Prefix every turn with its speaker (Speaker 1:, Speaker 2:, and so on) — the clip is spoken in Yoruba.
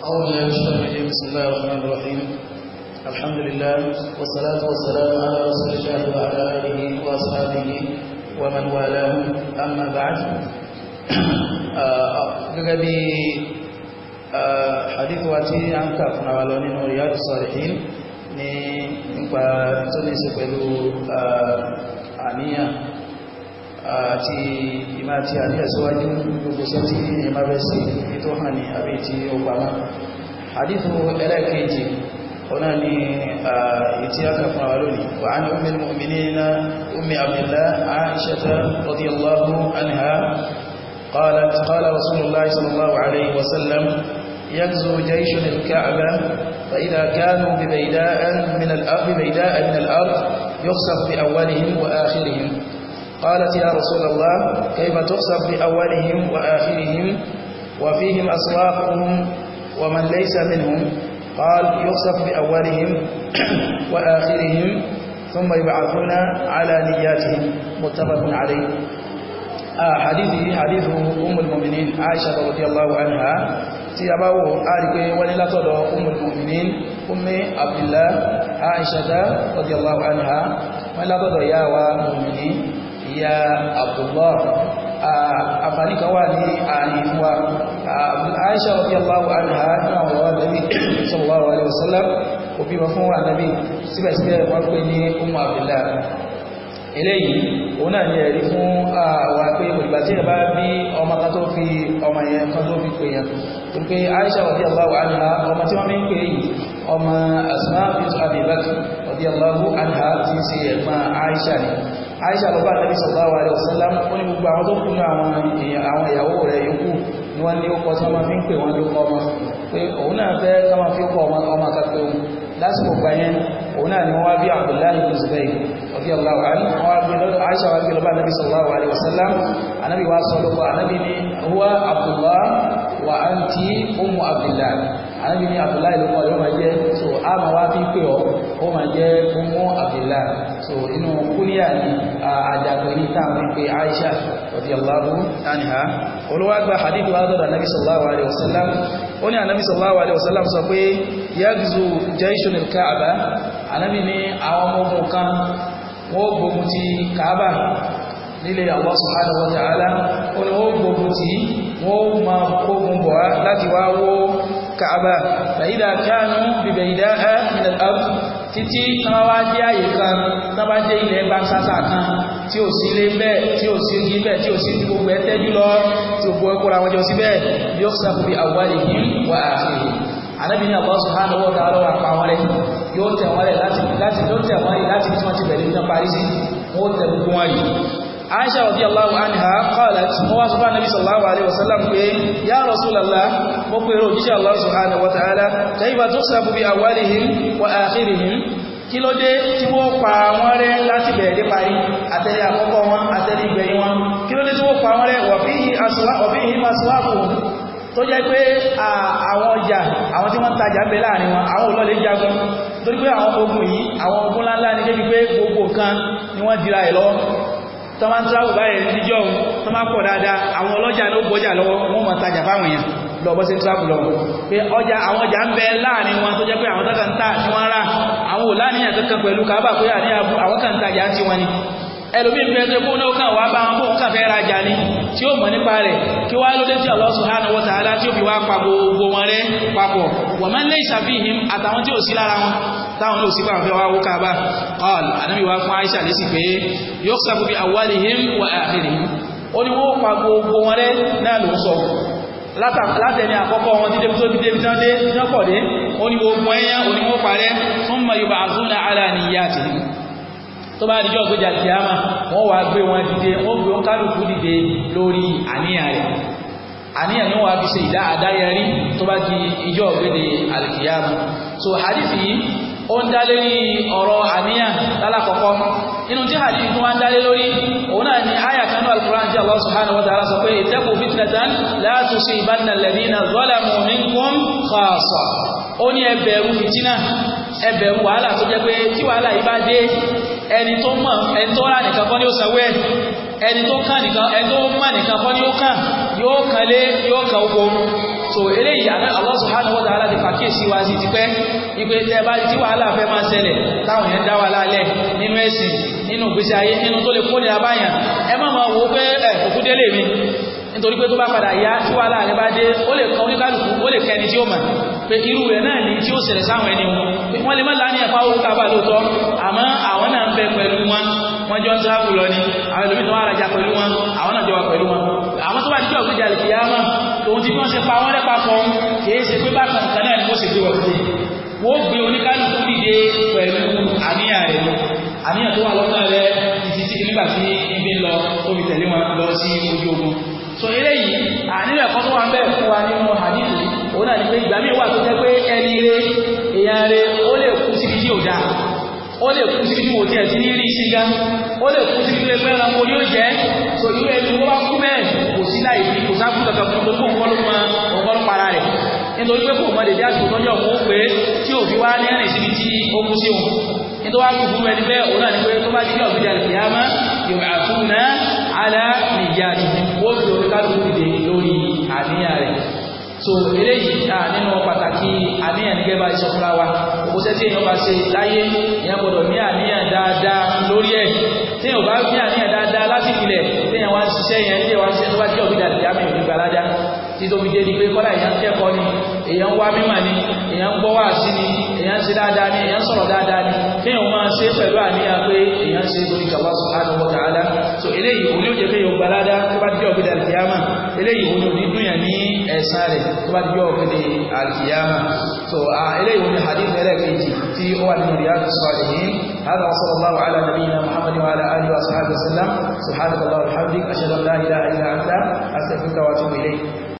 Speaker 1: أعوذ بالله من الشيطان الرجيم بسم الله الرحمن الرحيم الحمد لله والصلاة والسلام على رسول الله وعلى آله وأصحابه ومن والاه أما بعد آه، gẹ́gẹ́ bí hadith آه، wa tí a ń الصالحين fún àwà lọ nínú àti ìmá ti àdíẹ̀síwájú gbogbo sí tí ìmá bẹ́ sí ètò hàn ní àbí tí ó pàmá àdífò ẹlẹ́kẹ́jì ọ̀nà ni ìtí aka fún àwọn lónìí wà á ní umm al-mu'minin umm abdillah aisha radiyallahu anha قالت قال رسول الله صلى الله عليه وسلم يغزو جيش الكعبة فإذا كانوا ببيداء من الأرض بيداء من الأرض يخسف بأولهم وآخرهم قالت يا رسول الله كيف تحسب بأولهم وآخرهم وفيهم أسواقهم ومن ليس منهم قال يحسب بأولهم وآخرهم ثم يبعثون على نياتهم متفق عليه آه، حديثي حديث أم المؤمنين عائشة رضي الله عنها tí a وللا wò أم المؤمنين أم عبد الله عائشة رضي الله عنها وللا Aishata يا anha ìyá Abdullah àǹfààní kan wà ní ààrin wa Aisha radiyallahu anha ní àwọn ọ̀rọ̀ Ànábì sallallahu alaihi wasallam òbí wọn fún Ànábì síbẹ̀síbẹ̀ wọ́n pè ní Ummu Abdullah eléyìí òun náà ní ẹ̀rí fún àwọn pé anha ọmọ tí wọ́n fi ń pè Asma bint Abi Bakr radiyallahu anha ti ṣe ẹ̀gbọ́n Aisha ni aisha lọ́bà nàbí sallallahu alaihi wasallam ó ní gbogbo àwọn tó kú ní àwọn àwọn ìyàwó rẹ̀ yòókù ni wọ́n ní ó kọ́ tí wọ́n máa fi ń pè wọ́n ló kọ́ ọmọ pé òun náà fẹ́ ká máa fi kọ́ ọmọ akẹ́kọ̀ọ́ lásìkò gbà yẹn òun náà ni wọ́n wá bí abdullahi bin zubair radiyallahu anhu wọ́n wá bí lọ́dọ̀ aisha wá bí lọ́bà nàbí sallallahu alaihi ó máa jẹ́ ọmọ abdullah so inú kúníyà ní àjàgbé ní táwọn pé aisha radiyallahu anha olùwàgbà hadith wa dọ̀dọ̀ anabi sallallahu alayhi wa sallam ó ní anabi sallallahu alayhi wa sallam sọ pé yagzu jaishun al-kaaba anabi ní àwọn ọmọ ogun kan wọ́n gbógun ti kaaba nílé Allah subhanahu wa ta'ala ó ní wọ́n gbógun ti títí táwọn wá dé àyè kan táwọn bá dé ilẹ̀ gbansasa kan tí ò sí ilé bẹ́ẹ̀ tí ò sí igi bẹ́ẹ̀ tí ò sí gbogbo ẹtẹ́jú lọ tí ò gbogbo ẹkọ́ra wọn jọ sí bẹ́ẹ̀ yóò sàkóbi àwárí yìí wá àfihàn ànábì ní àbọ̀ sùn hánà wọ́n dáwọ́ àpá wọn rẹ̀ yóò tẹ̀ wọ́n rẹ̀ láti láti yóò tẹ̀ wọ́n rẹ̀ láti tí wọ́n ti bẹ̀rẹ̀ nípa parí sí wọ́n tẹ̀ gbogbo wọn yìí aisha radiyallahu anha qalat wọ́n wá sọ́fà nabi sallallahu alaihi wasallam pé ya rasulallah mo pè rò jíṣẹ́ allah subhanahu wa ta'ala kayfa tuslabu bi awwalihim wa akhirihim kí ló dé tí wọ́n pa wọ́n rẹ́ láti bẹ̀rẹ̀ dé parí àtẹ̀lé àkọ́kọ́ wọn àtẹ̀lé ìgbẹ̀yìn wọn kí ló dé tí wọ́n pa wọ́n rẹ́ wọ̀fíhìn aswáàkù tó jẹ́ pé àwọn ọjà àwọn tí wọ́n tajà bẹ láàrin wọn àwọn olóòlé jagun torí pé àwọn ogun yìí àwọn ogun láńlá ní débi pé gbogbo kan ni wọ́n dira ẹ̀ lọ́wọ́ tó máa ń tíráwò báyìí níjọ́ òun tó máa pọ̀ dáadáa àwọn ọlọ́jà ló gbọ́jà lọ́wọ́ wọ́n máa tajà fáwọn èèyàn lọ bọ́ sí tíráàpù lọ pé ọjà àwọn ọjà ń bẹ láàrin wọn tó jẹ́ pé àwọn tọ́ka ń tà tí wọ́n rà àwọn ò láníyàn kankan pẹ̀lú kábà ni ẹlòmíín fẹ́ tó kó náà kàn wá bá wọn kóun kàn fẹ́ rajà ni tí ó mọ̀ nípa rẹ̀ kí wá ló dé tí Allah subhanahu wa ta'ala tí ó fi wá pa gbogbo wọn táwọn náà sí pàwọn fẹ́ wá wó káàbá qal anábì wá fún Aisha lésì pé yukhsafu bi awwalihim wa akhirihim ó ní wọ́n pa gbogbo wọn rẹ̀ náà ló ń sọ látẹni àkọ́kọ́ wọn dídé tó dídé tán dé jọ́pọ̀ dé ó ní gbogbo ẹ̀yà ó ní wọ́n parẹ́ thumma yub'athuna ala niyyatihim tó bá díjọ́ gbé jàdìyàmà wọ́n wà gbé wọn dìde wọ́n àníyàn ni wọ́n á fi ṣe ìdá àdáyẹrí tó bá di ìjọ ògbéde àlìkìyàmù so hadith yìí ó ń dá lórí ọ̀rọ̀ àníyàn lálàkọ̀kọ́ inú tí hadith tó wá ń dá lé lórí òun náà ni àyà kanú al-Qur'an tí Allah subhanahu wa ta'ala sọ pé ittaqu fitnatan la tusibanna alladhina zalamu minkum khassa ó ní ẹ bẹ̀rù fìtínà ẹ bẹ̀rù wàhálà tó jẹ́ pé tí wàhálà ẹni tó mọ̀ ẹni tó rà nìkan kọ́ ni ó sanwó ẹni tó kàn nìkan ẹni tó mọ̀ nìkan kọ́ ni ó kàn yóò ka lé yóò kan so eléyìí àná na subhanahu wa ta'ala ti pàkíyèsí wa sí ti pẹ́ ipe tẹ́ bá ma wàhálà fẹ́ máa ṣẹlẹ̀ táwọn yẹn dá wa lálẹ́ nínú ẹ̀sìn nínú ìgbésí ayé nínú tó lè kó nira báyàn ẹ má máa pé ẹ òkú délé mi nítorí pé tó bá padà yá tí wàhálà rẹ bá dé ó lè oníkálukú ó lè tí ó mà pé irú náà tí ó sáwọn ẹni wọn lè má lá ní lóòótọ́ àmọ́ àwọn náà ń bẹ pẹ̀lú wọn jọ ń ni àwọn wà ṣe pa wọ́n rẹ́ papọ̀ kìí ṣe pé bákan kan ni wọ́n ṣe gbé wọ́n wọ́n gbé oníkálukú dìde pẹ̀lú àníyàn rẹ̀ àníyàn tó wà rẹ̀ ibi lọ tẹ̀lé wọn lọ sí ojú ogun so eléyìí àníyàn kan tó wà ń bẹ̀ fún wa àdìsí òun náà ni pé ìgbà wà tó jẹ́ pé ẹni re èèyàn re ó lè kú síbi tí ò ó lè kú síbi tí tiẹ̀ ní rí ó lè kú láì fi kò sáfù kankan fún gbogbo ọ̀pọ̀lọpọ̀ ọ̀pọ̀lọpọ̀ ara rẹ̀ nítorí pé kò mọ dèdè àsìkò tọ́jọ́ òun ó pé tí òfin wá ní ẹ̀rìn síbi tí ó kú sí òun nítorí wá kú fún ẹni bẹ́ẹ̀ òun náà ni pé tó bá jíjọ́ òfin jàre kìá mọ́ yóò àfún náà alá nìyá wọ́n fi òun kálù dìde lórí àníyàn rẹ̀ so eléyìí ta nínú pàtàkì àníyàn ní gẹ́gẹ́ bá fúnra wa òkúṣẹ́ tí èèyàn bá ṣe láyé èèyàn gbọ́dọ̀ ní àníyàn dáadáa lórí ẹ̀ tí èèyàn bá ní àníyàn dáadáa láti ìpìlẹ̀ ṣiṣẹ́ yẹn ilé wa ṣiṣẹ́ tó bá jẹ́ òbídà tí a mẹ́rin nígbà ládá tí tó fi dé ni pé kọ́lá èèyàn kẹ́kọ̀ọ́ ni èèyàn wá mímọ̀ ni èèyàn gbọ́ wá sí ni èèyàn ṣe dáadáa ni èèyàn sọ̀rọ̀ dáadáa ni kéèyàn máa ṣe pẹ̀lú àníyàn pé èèyàn ṣe lórí Allah subhanahu wa ta'ala so eléyìí òun yóò jẹ́ pé yóò gbà ládá tó bá jẹ́ òbídà tí a mọ̀ eléyìí òun ni dúnyà ní ẹ̀sán rẹ̀ tó bá jọ ọ̀gbẹ́dẹ alkiyama so eléyìí òun ni hadith ẹlẹ́ẹ̀kejì tí ó wà nínú riyadu salihin هذا وصلى الله على نبينا محمد وعلى اله وصحبه وسلم سبحانك اللهم وبحمدك اشهد ان لا اله الا انت استغفرك واتوب اليك